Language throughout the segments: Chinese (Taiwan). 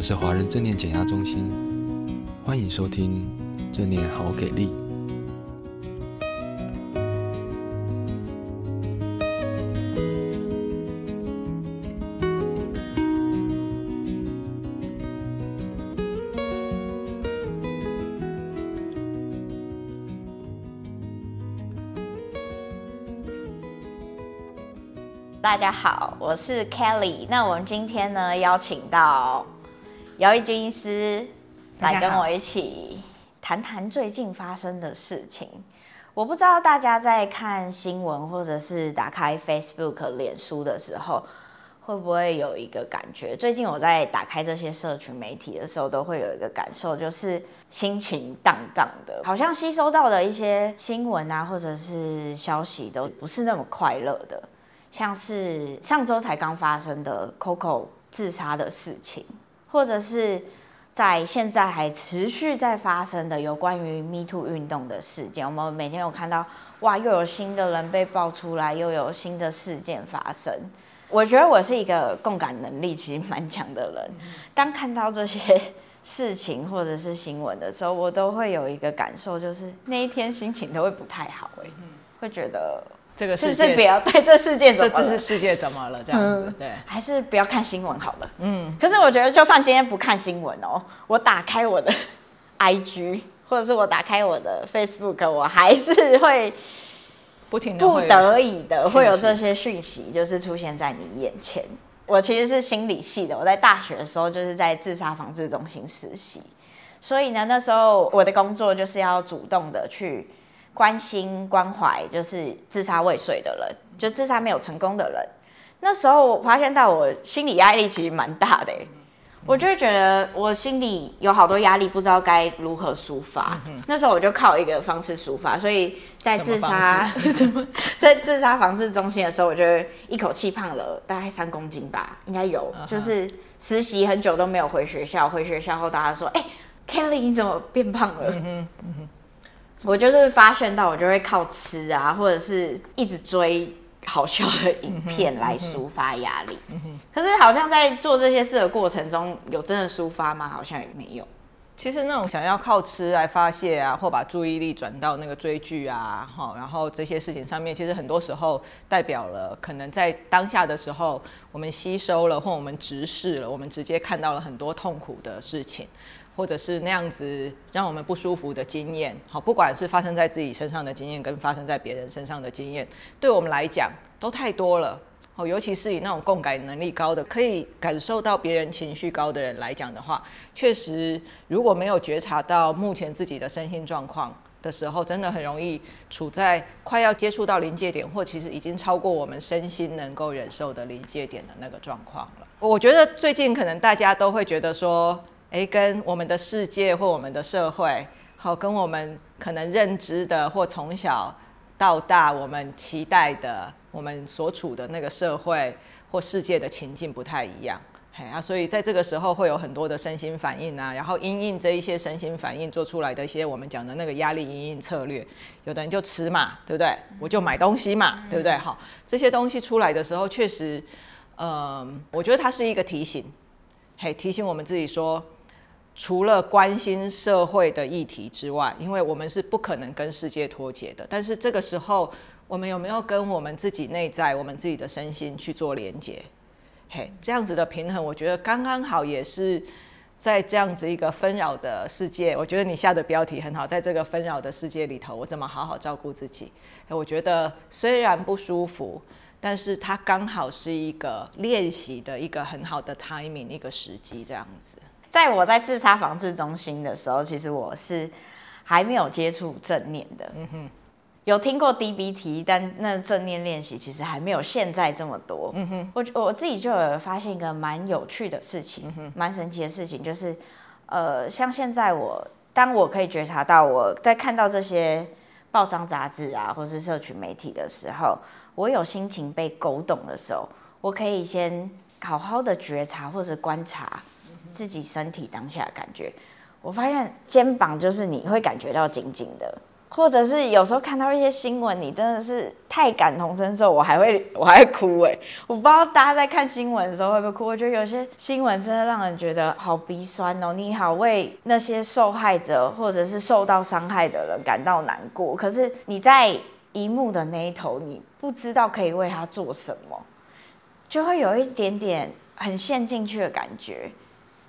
我是華人正念減壓中心，歡迎收聽正念好給力。大家好，我是 Kelly。那我們今天呢，邀請到。姚怡君醫師來跟我一起談談最近發生的事情。我不知道大家在看新聞或者是打開 Facebook、臉書的時候，會不會有一個感覺？最近我在打開這些社群媒體的時候，都會有一個感受，就是心情蕩蕩的，好像吸收到的一些新聞啊，或者是消息，都不是那麼快樂的。像是上週才剛發生的 Coco 自殺的事情。或者是在現在還持續在發生的有關於 Me Too 運動的事件，我們每天有看到，哇，又有新的人被爆出來，又有新的事件發生。我覺得我是一個共感能力其實蠻強的人，當看到這些事情或者是新聞的時候，我都會有一個感受，就是那一天心情都會不太好，欸，會覺得。這個、是不是不要對這世界怎麼了？這是世界怎麼了？這樣子、嗯、對，還是不要看新聞好了。嗯，可是我覺得，就算今天不看新聞哦，我打開我的 IG，或者是我打開我的 Facebook，我還是會不停的不得已的會有這些訊息，就是出現在你眼前。我其實是心理系的，我在大學的時候就是在自殺防治中心實習，所以呢，那時候我的工作就是要主動的去。關心關懷，就是自殺未遂的人，就自殺沒有成功的人。那時候我發現到我心理壓力其實蠻大的，欸嗯，我就覺得我心裡有好多壓力，不知道該如何抒發。嗯。那時候我就靠一個方式抒發，所以在自殺 在自殺防治中心的時候，我就一口氣胖了大概三公斤吧，應該有。Uh-huh. 就是實習很久都沒有回學校，回學校後大家說：“哎、欸，Kelly，你怎麼變胖了？”嗯我就是發現到，我就會靠吃啊，或者是一直追好笑的影片來抒發壓力。嗯嗯、可是好像在做這些事的過程中，有真的抒發嗎？好像也沒有。其實那種想要靠吃來發洩啊，或把注意力轉到那個追劇啊，哈，然後這些事情上面，其實很多時候代表了，可能在當下的時候，我們吸收了或我們直視了，我們直接看到了很多痛苦的事情。或者是那樣子讓我們不舒服的經驗，好，不管是發生在自己身上的經驗，跟發生在別人身上的經驗，對我們來講都太多了。哦，尤其是以那種共感能力高的，可以感受到別人情緒高的人來講的話，確實如果沒有覺察到目前自己的身心狀況的時候，真的很容易處在快要接觸到臨界點，或其實已經超過我們身心能夠忍受的臨界點的那個狀況了。我覺得最近可能大家都會覺得說。誒，跟我們的世界或我們的社會，好，跟我們可能認知的或從小到大我們期待的，我們所處的那個社會或世界的情境不太一樣，嘿啊，所以在這個時候會有很多的身心反應啊，然後因應這一些身心反應做出來的一些我們講的那個壓力因應策略，有的人就吃嘛，對不對？我就買東西嘛，嗯、對不對？好，這些東西出來的時候，確實，嗯、呃，我覺得它是一個提醒，嘿，提醒我們自己說。除了關心社會的議題之外，因為我們是不可能跟世界脫節的。但是這個時候，我們有沒有跟我們自己內在、我們自己的身心去做連接？嘿，這樣子的平衡，我覺得剛剛好也是在這樣子一個紛擾的世界。我覺得你下的標題很好，在這個紛擾的世界裡頭，我怎麼好好照顧自己？Hey, 我覺得雖然不舒服，但是它剛好是一個練習的一個很好的 timing，一個時機，這樣子。在我在自殺防治中心的時候，其實我是還沒有接觸正念的、嗯，有聽過 DBT，但那正念練習其實還沒有現在這麼多。嗯、我我自己就有發現一個蠻有趣的事情，嗯、蠻神奇的事情，就是呃，像現在我當我可以覺察到我在看到這些報章雜誌啊，或是社群媒體的時候，我有心情被勾動的時候，我可以先好好的覺察或者觀察。自己身體當下的感覺，我發現肩膀就是你會感覺到緊緊的，或者是有時候看到一些新聞，你真的是太感同身受，我還會我還會哭哎、欸，我不知道大家在看新聞的時候會不會哭？我覺得有些新聞真的讓人覺得好鼻酸哦，你好為那些受害者或者是受到傷害的人感到難過，可是你在螢幕的那一頭，你不知道可以為他做什麼，就會有一點點很陷進去的感覺。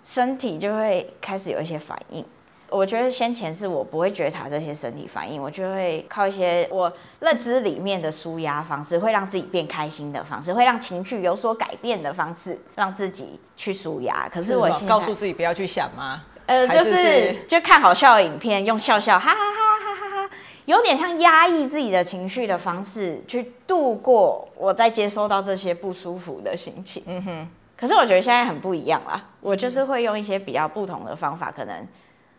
身體就會開始有一些反應。我覺得先前是我不會覺察這些身體反應，我就會靠一些我認知裡面的舒壓方式，會讓自己變開心的方式，會讓情緒有所改變的方式，讓自己去舒壓。可是我告訴自己不要去想嗎？呃，就是就看好笑的影片，用笑笑哈哈哈哈哈哈，有點像壓抑自己的情緒的方式，去度過我在接收到這些不舒服的心情。嗯哼。可是我覺得現在很不一樣啦，我就是會用一些比較不同的方法，嗯、可能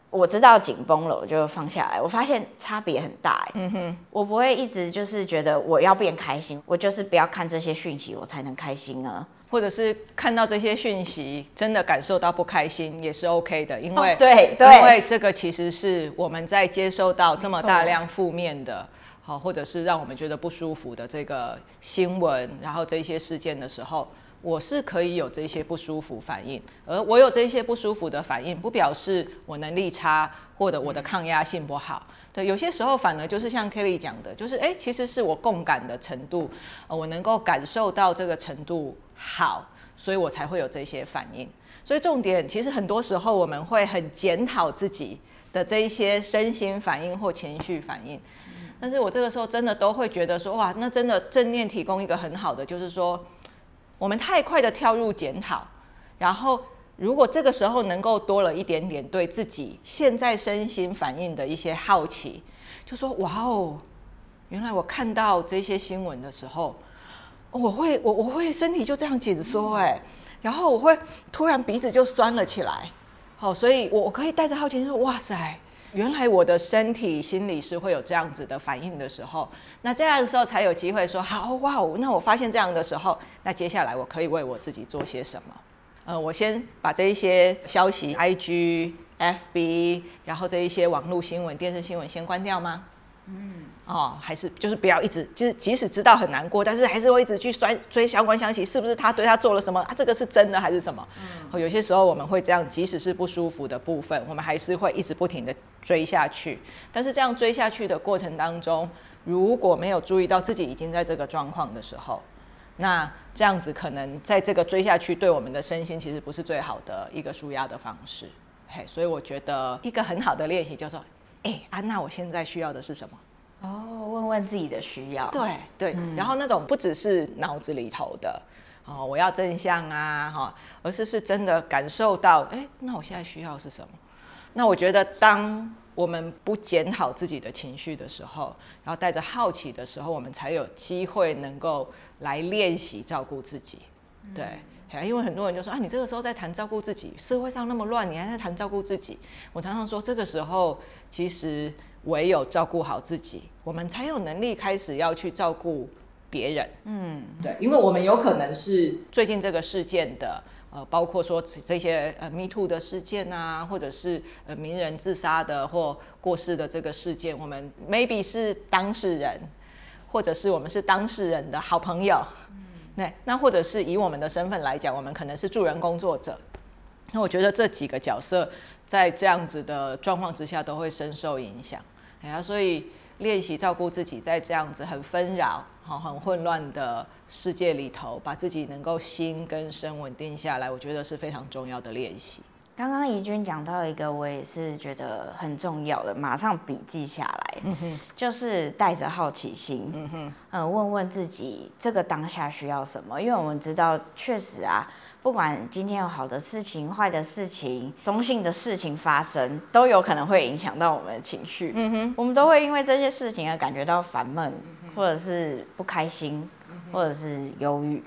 我知道緊繃了，我就放下來，我發現差別很大、欸。嗯哼，我不會一直就是覺得我要變開心，我就是不要看這些訊息，我才能開心呢、啊。或者是看到這些訊息，真的感受到不開心也是 OK 的，因為、哦、對、對，因為這個其實是我們在接受到這麼大量負面的，好、嗯哦，或者是讓我們覺得不舒服的這個新聞，然後這些事件的時候。我是可以有這些不舒服反應，而我有這些不舒服的反應，不表示我能力差或者我的抗壓性不好。對，有些時候反而就是像 Kelly 講的，就是哎、欸，其實是我共感的程度，呃、我能夠感受到這個程度好，所以我才會有這些反應。所以重點其實很多時候我們會很檢討自己的這一些身心反應或情緒反應，但是我這個時候真的都會覺得說哇，那真的正念提供一個很好的就是說。我們太快的跳入檢討，然後如果這個時候能夠多了一點點對自己現在身心反應的一些好奇，就說哇哦，原來我看到這些新聞的時候，我會我我會身體就這樣緊縮哎、嗯，然後我會突然鼻子就酸了起來，好、哦，所以我我可以帶着好奇心說哇塞。原來我的身體、心理是會有這樣子的反應的時候，那這樣的時候才有機會說好，哇哦，那我發現這樣的時候，那接下來我可以為我自己做些什麼？呃，我先把這一些消息、IG、FB，然後這一些網路新聞、電視新聞先關掉嗎？嗯。哦，還是就是不要一直，即使知道很難過，但是還是會一直去追追相關消息，是不是他對他做了什麼啊？這個是真的還是什麼？嗯、哦，有些時候我們會這樣，即使是不舒服的部分，我們還是會一直不停地追下去。但是這樣追下去的過程當中，如果沒有注意到自己已經在這個狀況的時候，那這樣子可能在這個追下去對我們的身心其實不是最好的一個舒壓的方式。嘿，所以我覺得一個很好的練習就是說，哎、欸，安、啊、娜，那我現在需要的是什麼？哦，問問自己的需要，對對、嗯，然後那種不只是腦子裡頭的，哦，我要真相啊，哈、哦，而是是真的感受到，哎，那我現在需要是什麼？那我覺得，當我們不檢討自己的情緒的時候，然後帶着好奇的時候，我們才有機會能夠來練習照顧自己，對、嗯，因為很多人就說，啊，你這個時候在談照顧自己，社會上那麼亂，你還在談照顧自己？我常常說，這個時候其實唯有照顧好自己。我們才有能力開始要去照顧別人。嗯，對，因為我們有可能是最近這個事件的，呃，包括說這些呃 “Me Too” 的事件啊，或者是呃名人自殺的或過世的這個事件，我們 maybe 是當事人，或者是我們是當事人的好朋友。嗯，對，那或者是以我們的身份來講，我們可能是助人工作者。那我覺得這幾個角色在這樣子的狀況之下都會深受影響。哎呀，所以。練習照顧自己，在這樣子很紛擾、很混亂的世界裡頭，把自己能夠心跟身穩定下來，我覺得是非常重要的練習。剛剛怡君講到一個，我也是覺得很重要的，馬上筆記下來，嗯、就是帶着好奇心，嗯哼嗯，問問自己這個當下需要什麼？因為我們知道，確實啊，不管今天有好的事情、壞的事情、中性的事情發生，都有可能會影響到我們的情緒，嗯哼，我們都會因為這些事情而感覺到煩悶，嗯、或者是不開心，嗯、或者是憂鬱。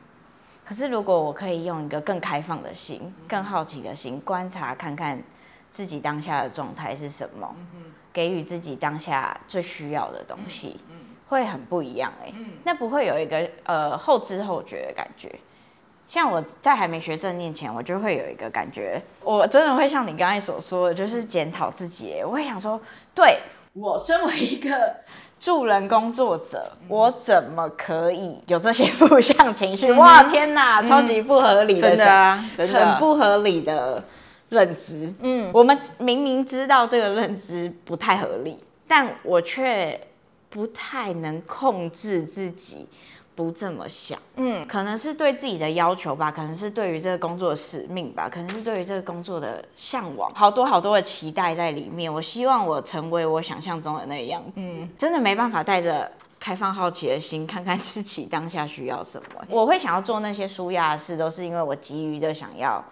可是，如果我可以用一個更開放的心、更好奇的心觀察，看看自己當下的狀態是什麼，給予自己當下最需要的東西，會很不一樣哎、欸。那不會有一個呃後知後覺的感覺。像我在還沒學正念前，我就會有一個感覺，我真的會像你剛才所說的，就是檢討自己、欸。我會想說，對我身為一個。助人工作者，我怎麼可以有這些負向情緒？嗯，哇，天哪，超級不合理的，嗯，真的啊，真的，很不合理的認知。嗯，我們明明知道這個認知不太合理，但我卻不太能控制自己。不這麼想，嗯，可能是對自己的要求吧，可能是對於這個工作的使命吧，可能是對於這個工作的嚮往，好多好多的期待在裡面。我希望我成為我想象中的那樣子，嗯，真的沒辦法帶着開放好奇的心，看看自己當下需要什麼。我會想要做那些舒壓的事，都是因為我急於的想要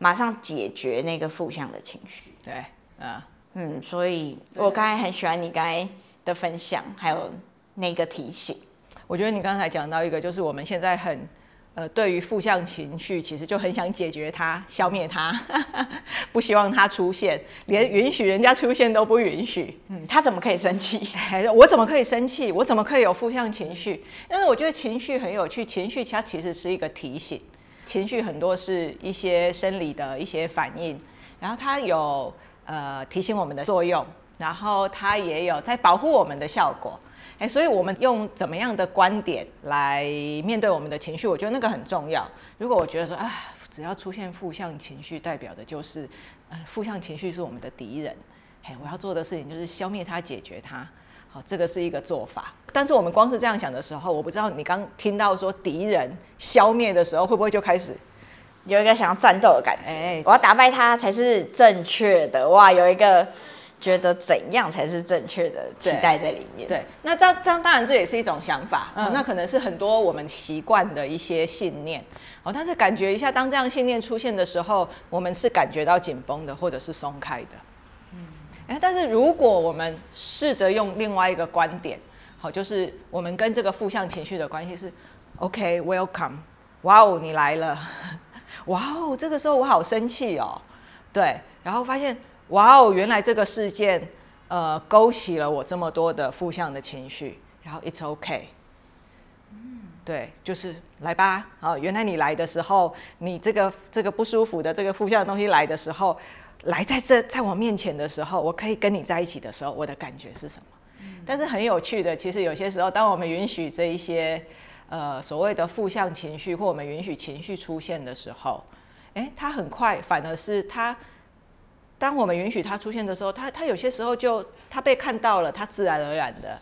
馬上解決那個負向的情緒。對，嗯、啊，嗯，所以我剛才很喜歡你剛才的分享，還有那個提醒。我覺得你剛才講到一個，就是我們現在很，呃，對於負向情緒，其實就很想解決它、消滅它哈哈，不希望它出現，連允許人家出現都不允許。嗯，他怎麼可以生氣？哎、我怎麼可以生氣？我怎麼可以有負向情緒？但是我覺得情緒很有趣，情緒它其實是一個提醒，情緒很多是一些生理的一些反應，然後它有呃提醒我們的作用。然後他也有在保護我們的效果，哎、欸，所以我們用怎麼樣的觀點來面對我們的情緒？我覺得那個很重要。如果我覺得說啊，只要出現負向情緒，代表的就是呃，負向情緒是我們的敵人、欸，我要做的事情就是消滅它，解決它。好，這個是一個做法。但是我們光是這樣想的時候，我不知道你剛聽到說敵人消滅的時候，會不會就開始有一個想要戰鬥的感覺、欸？我要打敗他才是正確的。哇，有一個。覺得怎樣才是正確的期待在裡面？對，對，那這當然這也是一種想法，嗯，那可能是很多我們習慣的一些信念，哦，但是感覺一下，當這樣信念出現的時候，我們是感覺到緊繃的，或者是鬆開的。嗯，欸，但是如果我們試着用另外一個觀點，哦，就是嗯，好，就是我們跟這個負向情緒的關係是，OK，Welcome，okay，哇哦，你來了， 哇哦，這個時候我好生氣哦，對，然後發現。哇哦，原來這個事件，呃，勾起了我這麼多的負向的情緒。然後 it's okay。mm. 對，就是來吧。啊，原來你來的時候，你這個這個不舒服的這個負向的東西來的時候，來在這在我面前的時候，我可以跟你在一起的時候，我的感覺是什麼？Mm. 但是很有趣的，其實有些時候，當我們允許這一些呃所謂的負向情緒，或我們允許情緒出現的時候，誒、欸，它很快反而是它。當我們允許它出現的時候，它它有些時候就它被看到了，它自然而然的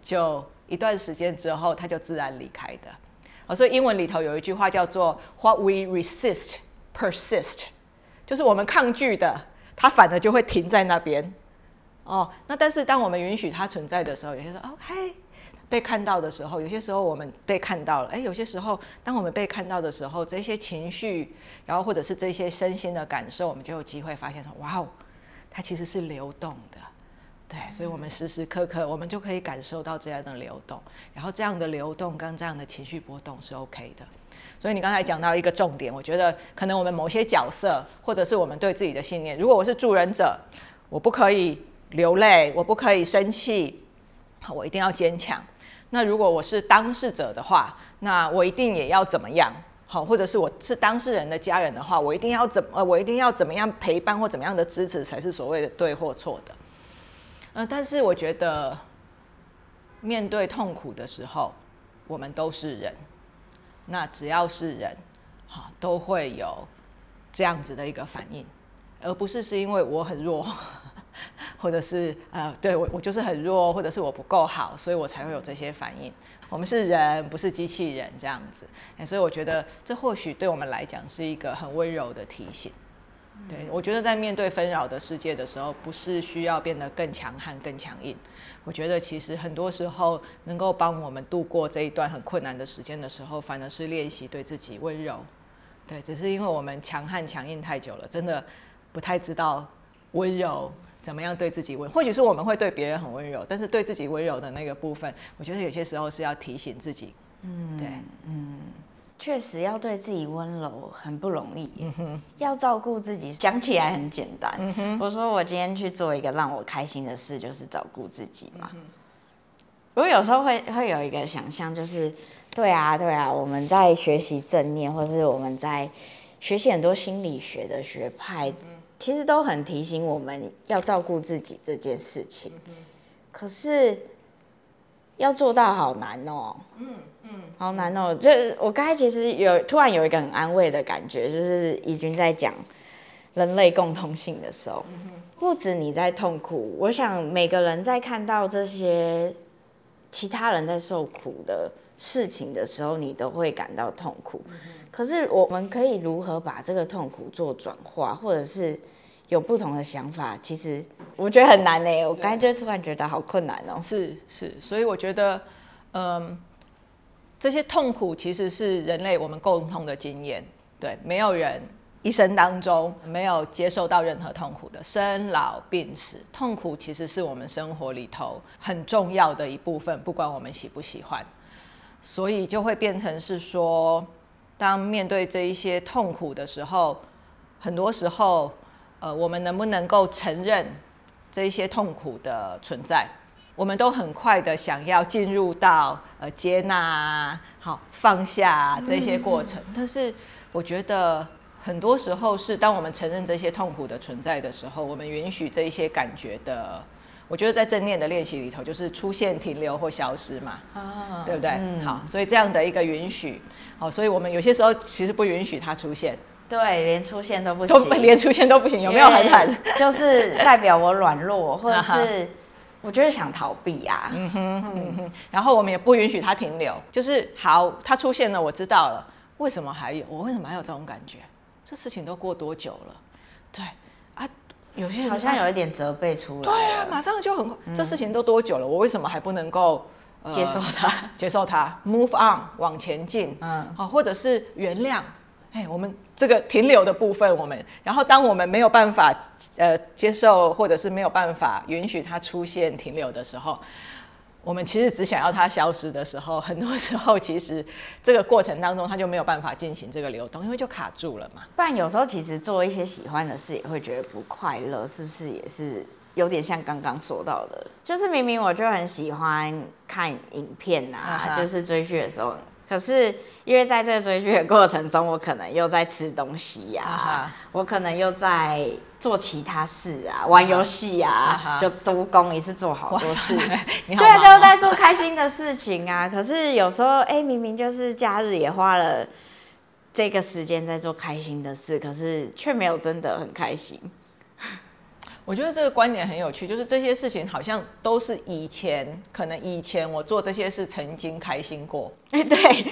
就一段時間之後，它就自然離開的。哦，所以英文裡頭有一句話叫做 What we resist persist，就是我們抗拒的，它反而就會停在那邊。哦，那但是當我們允許它存在的時候，有些時候 okay 被看到的時候，有些時候我們被看到了，誒，有些時候當我們被看到的時候，這些情緒，然後或者是這些身心的感受，我們就有機會發現說，哇哦，它其實是流動的。對，所以我們時時刻刻，我們就可以感受到這樣的流動，然後這樣的流動跟這樣的情緒波動是 OK 的。所以你剛才講到一個重點，我覺得可能我們某些角色，或者是我們對自己的信念，如果我是助人者，我不可以流淚，我不可以生氣，我一定要堅強。那如果我是當事者的話，那我一定也要怎麼樣？好，或者是我是當事人的家人的話，我一定要怎麼，我一定要怎麼樣陪伴或怎麼樣的支持才是所謂的對或錯的？嗯、呃，但是我覺得，面對痛苦的時候，我們都是人，那只要是人，好，都會有這樣子的一個反應，而不是是因為我很弱。或者是呃，對，我，我就是很弱，或者是我不夠好，所以我才會有這些反應。我們是人，不是機器人，這樣子，嗯。所以我覺得這或許對我們來講是一個很溫柔的提醒。對，我覺得在面對紛擾的世界的時候，不是需要變得更強悍、更強硬。我覺得其實很多時候能夠幫我們度過這一段很困難的時間的時候，反而是練習對自己溫柔。對，只是因為我們強悍、強硬太久了，真的不太知道溫柔。嗯怎麼樣對自己溫柔？或許是我們會對別人很溫柔，但是對自己溫柔的那個部分，我覺得有些時候是要提醒自己，嗯，對，嗯，確實要對自己溫柔很不容易，嗯哼，要照顧自己講起來很簡單，嗯哼，我說我今天去做一個讓我開心的事，就是照顧自己嘛，嗯哼，我有時候會會有一個想象，就是對啊對啊，我們在學習正念，或是我們在學習很多心理學的學派，嗯其實都很提醒我們要照顧自己這件事情，嗯、可是要做到好難哦。嗯嗯，好難哦、嗯。就我剛才其實有突然有一個很安慰的感覺，就是怡君在講人類共同性的時候，不、嗯、止你在痛苦，我想每個人在看到這些其他人在受苦的事情的時候，你都會感到痛苦。嗯可是我們可以如何把這個痛苦做轉化，或者是有不同的想法？其實我覺得很難呢。我剛才就突然覺得好困難哦。是是，所以我覺得，嗯，這些痛苦其實是人類我們共同的經驗。對，沒有人一生當中沒有接受到任何痛苦的生老病死，痛苦其實是我們生活裡頭很重要的一部分，不管我們喜不喜歡。所以就會變成是說。當面對這一些痛苦的時候，很多時候，呃，我們能不能夠承認這一些痛苦的存在？我們都很快的想要進入到呃接納、好放下這些過程。嗯。但是，我覺得很多時候是當我們承認這些痛苦的存在的時候，我們允許這一些感覺的。我覺得在正念的練習裡頭，就是出現、停留或消失嘛，啊、哦，對不對、嗯？好，所以這樣的一個允許，好，所以我們有些時候其實不允許它出現，對，連出現都不行，都連出現都不行，有沒有很狠？就是代表我軟弱， 或者是、嗯、我覺得想逃避啊嗯。嗯哼，然後我們也不允許它停留，就是好，它出現了，我知道了，為什麼還有？我為什麼還有這種感覺？這事情都過多久了，對。有些好像有一點責備出來，對啊，馬上就很，這事情都多久了，嗯、我為什麼還不能夠接受它？接受它、呃、move on，往前進，嗯，好，或者是原諒，哎、欸，我們這個停留的部分，我們，然後當我們沒有辦法，呃、接受或者是沒有辦法允許它出現停留的時候。我們其實只想要它消失的時候，很多時候其實這個過程當中它就沒有辦法進行這個流動，因為就卡住了嘛。不然有時候其實做一些喜歡的事也會覺得不快樂，是不是也是有點像剛剛說到的？就是明明我就很喜歡看影片啊，嗯、啊就是追劇的時候。可是，因為在這個追劇的過程中，我可能又在吃東西呀、啊，uh -huh. 我可能又在做其他事啊，uh -huh. 玩遊戲呀，uh -huh. 就多工一次做好多事，啊。對，都在做開心的事情啊。 可是有時候，哎、欸，明明就是假日也花了這個時間在做開心的事，可是卻沒有真的很開心。我覺得這個觀點很有趣，就是這些事情好像都是以前，可能以前我做這些事曾經開心過。哎、欸，對，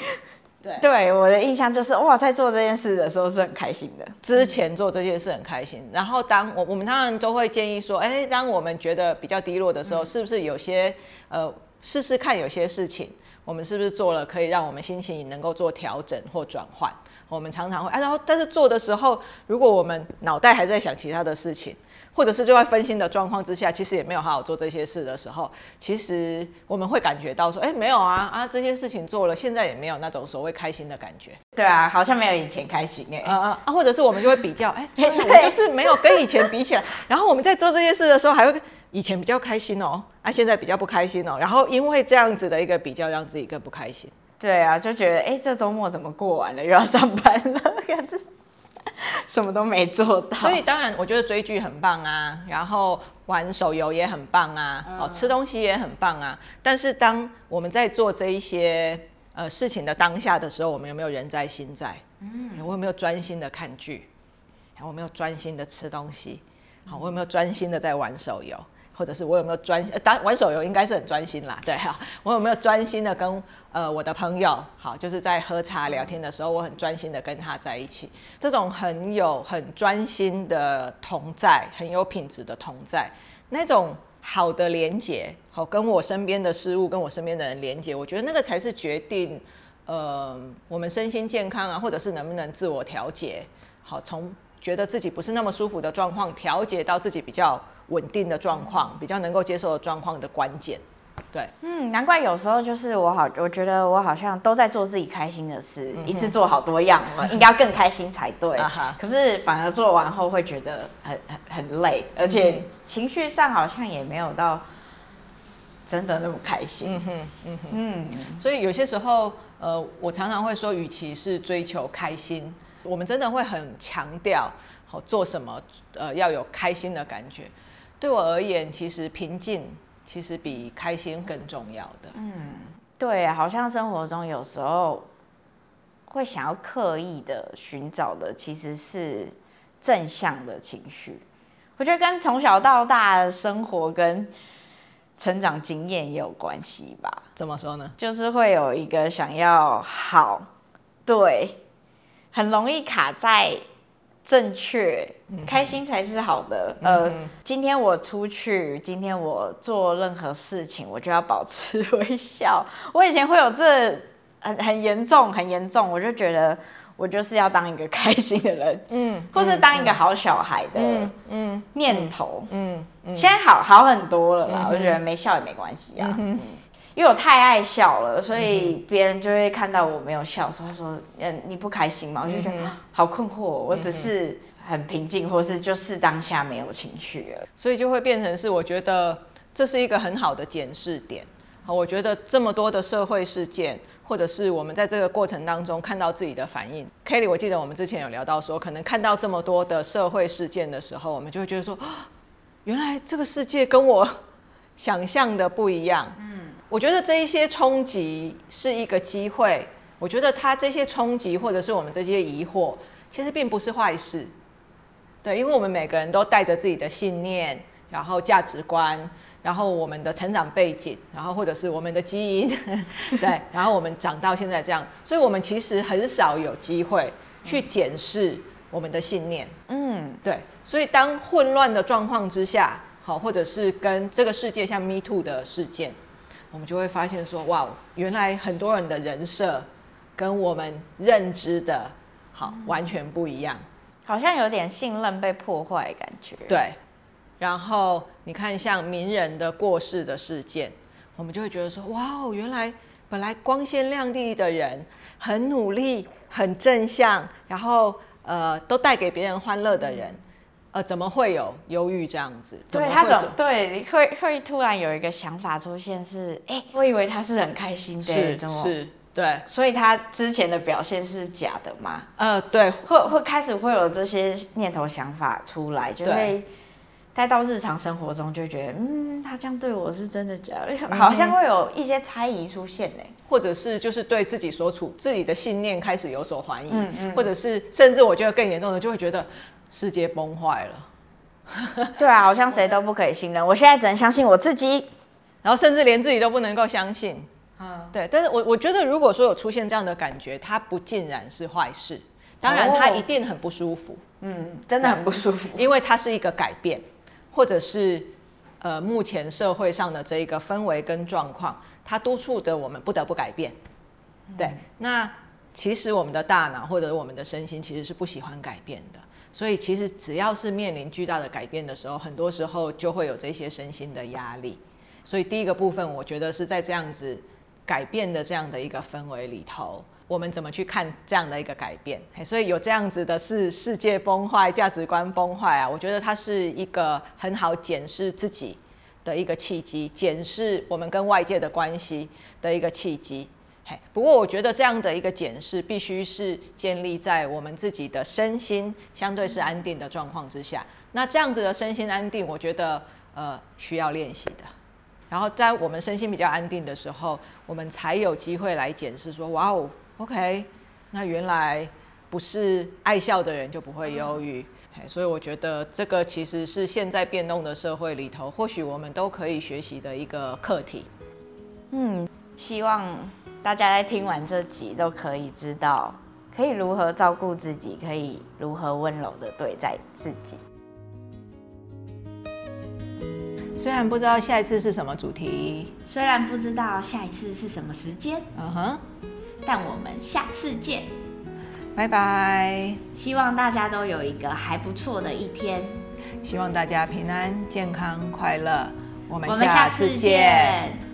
對，對，我的印象就是哇，在做這件事的時候是很開心的。之前做這些事很開心，然後當我，我們當然都會建議說，哎、欸，當我們覺得比較低落的時候，嗯、是不是有些呃試試看有些事情，我們是不是做了可以讓我們心情能夠做調整或轉換？我們常常會哎、啊，然後但是做的時候，如果我們腦袋還在想其他的事情。或者是就在分心的狀況之下，其實也沒有好好做這些事的時候，其實我們會感覺到說，哎、欸，沒有啊啊，這些事情做了，現在也沒有那種所謂開心的感覺。對啊，好像沒有以前開心哎、呃。啊啊或者是我們就會比較，哎、欸， 就是沒有跟以前比起來。然後我們在做這些事的時候，還會以前比較開心哦、喔，啊，現在比較不開心哦、喔。然後因為這樣子的一個比較，讓自己更不開心。對啊，就覺得哎、欸，這周末怎麼過完了，又要上班了，這樣子。 什麼都沒做到，所以當然我覺得追劇很棒啊，然後玩手遊也很棒啊，好、嗯、吃東西也很棒啊。但是當我們在做這一些呃事情的當下的時候，我們有沒有人在心在？嗯，我有沒有專心的看劇？我有沒有專心的吃東西？好、嗯，我有沒有專心的在玩手遊？或者是我有沒有專打、呃、玩手遊，應該是很專心啦，對哈、啊。我有沒有專心的跟呃我的朋友，好，就是在喝茶聊天的時候，我很專心的跟他在一起，這種很有很專心的同在，很有品質的同在，那種好的連接，好，跟我身邊的事物，跟我身邊的人連接，我覺得那個才是決定，呃，我們身心健康啊，或者是能不能自我調節，好，從覺得自己不是那麼舒服的狀況，調節到自己比較。穩定的狀況，比較能夠接受的狀況的關鍵，對，嗯，難怪有時候就是我好，我覺得我好像都在做自己開心的事，嗯、一次做好多樣，我、嗯、應該要更開心才對、啊。可是反而做完後會覺得很很很累、嗯，而且情緒上好像也沒有到真的那麼開心。嗯哼，嗯哼，嗯哼，所以有些時候，呃，我常常會說，與其是追求開心，我們真的會很強調，好、哦、做什麼，呃，要有開心的感覺。對我而言，其實平靜其實比開心更重要的。嗯，對啊，好像生活中有時候會想要刻意的尋找的，其實是正向的情緒。我覺得跟從小到大的生活跟成長經驗也有關係吧。怎麼說呢？就是會有一個想要好，對，很容易卡在。正確，開心才是好的。呃、嗯，今天我出去，今天我做任何事情，我就要保持微笑。我以前會有這很很嚴重，很嚴重，我就覺得我就是要當一個開心的人，嗯，或是當一個好小孩的，嗯念頭，嗯，嗯，現在好好很多了啦、嗯，我覺得沒笑也沒關係呀、啊。嗯因為我太愛笑了，所以別人就會看到我沒有笑的時候，嗯，說他說，嗯，你不開心嗎？我就覺得、嗯啊、好困惑，我只是很平靜，嗯、或是就是當下沒有情緒了，所以就會變成是我覺得這是一個很好的檢視點。好，我覺得這麼多的社會事件，或者是我們在這個過程當中看到自己的反應。凱莉，我記得我們之前有聊到說，可能看到這麼多的社會事件的時候，我們就會覺得說，原來這個世界跟我想象的不一樣，嗯。我覺得這一些衝擊是一個機會。我覺得他這些衝擊，或者是我們這些疑惑，其實並不是壞事。對，因為我們每個人都帶着自己的信念，然後價值觀，然後我們的成長背景，然後或者是我們的基因，對，然後我們長到現在這樣，所以我們其實很少有機會去檢視我們的信念。嗯，對。所以當混亂的狀況之下，好，或者是跟這個世界像 Me Too 的事件。我們就會發現說，哇，原來很多人的人設跟我們認知的好完全不一樣，好像有點信任被破壞感覺。對，然後你看像名人的過世的事件，我們就會覺得說，哇哦，原來本來光鮮亮麗的人，很努力、很正向，然後呃，都帶給別人歡樂的人。呃、怎麼會有憂鬱這樣子？對，怎麼怎麼他總對會會突然有一個想法出現是，是、欸、哎，我以為他是很開心的，欸是，怎是對？所以他之前的表現是假的嗎？呃對，會會開始會有這些念頭想法出來，就會帶到日常生活中，就覺得嗯，他這樣對我是真的假的。 好像會有一些猜疑出現，欸、或者是就是對自己所處自己的信念開始有所懷疑，嗯嗯，或者是甚至我覺得更嚴重的就會覺得。世界崩壞了，對啊，好像誰都不可以信任。我現在只能相信我自己， 然後甚至連自己都不能夠相信。嗯，對。但是我，我我覺得，如果說有出現這樣的感覺，它不盡然是壞事。當然，它一定很不舒服。哦。嗯，真的很不舒服，因為它是一個改變，或者是呃，目前社會上的這一個氛圍跟狀況，它督促着我們不得不改變。對，嗯，那其實我們的大腦或者我們的身心其實是不喜歡改變的。所以其實只要是面臨巨大的改變的時候，很多時候就會有這些身心的壓力。所以第一個部分，我覺得是在這樣子改變的這樣的一個氛圍裡頭，我們怎麼去看這樣的一個改變？嘿，所以有這樣子的是世界崩壞、價值觀崩壞啊，我覺得它是一個很好檢視自己的一個契機，檢視我們跟外界的關係的一個契機。不過，我覺得這樣的一個檢視，必須是建立在我們自己的身心相對是安定的狀況之下。那這樣子的身心安定，我覺得呃需要練習的。然後，在我們身心比較安定的時候，我們才有機會來檢視說：哇哦，OK，那原來不是愛笑的人就不會憂鬱。嗯。所以我覺得這個其實是現在變動的社會裡頭，或許我們都可以學習的一個課題。嗯，希望。大家在聽完這集都可以知道，可以如何照顧自己，可以如何溫柔的對待自己。雖然不知道下一次是什麼主題，雖然不知道下一次是什麼時間，嗯哼，但我們下次見，拜拜。希望大家都有一個還不錯的一天，希望大家平安、健康、快樂。我們我們下次見。